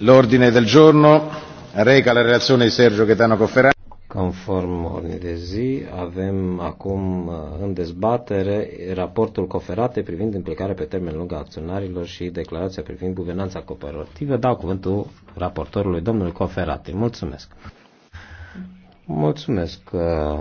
L'ordine del giorno reca la relazione di Sergio Gaetano Cofferani. Conform ordinii de zi, avem acum uh, în dezbatere raportul coferate privind implicarea pe termen lung a acționarilor și declarația privind guvernanța cooperativă. Dau cuvântul raportorului domnului Coferate. Mulțumesc. Mulțumesc. Uh,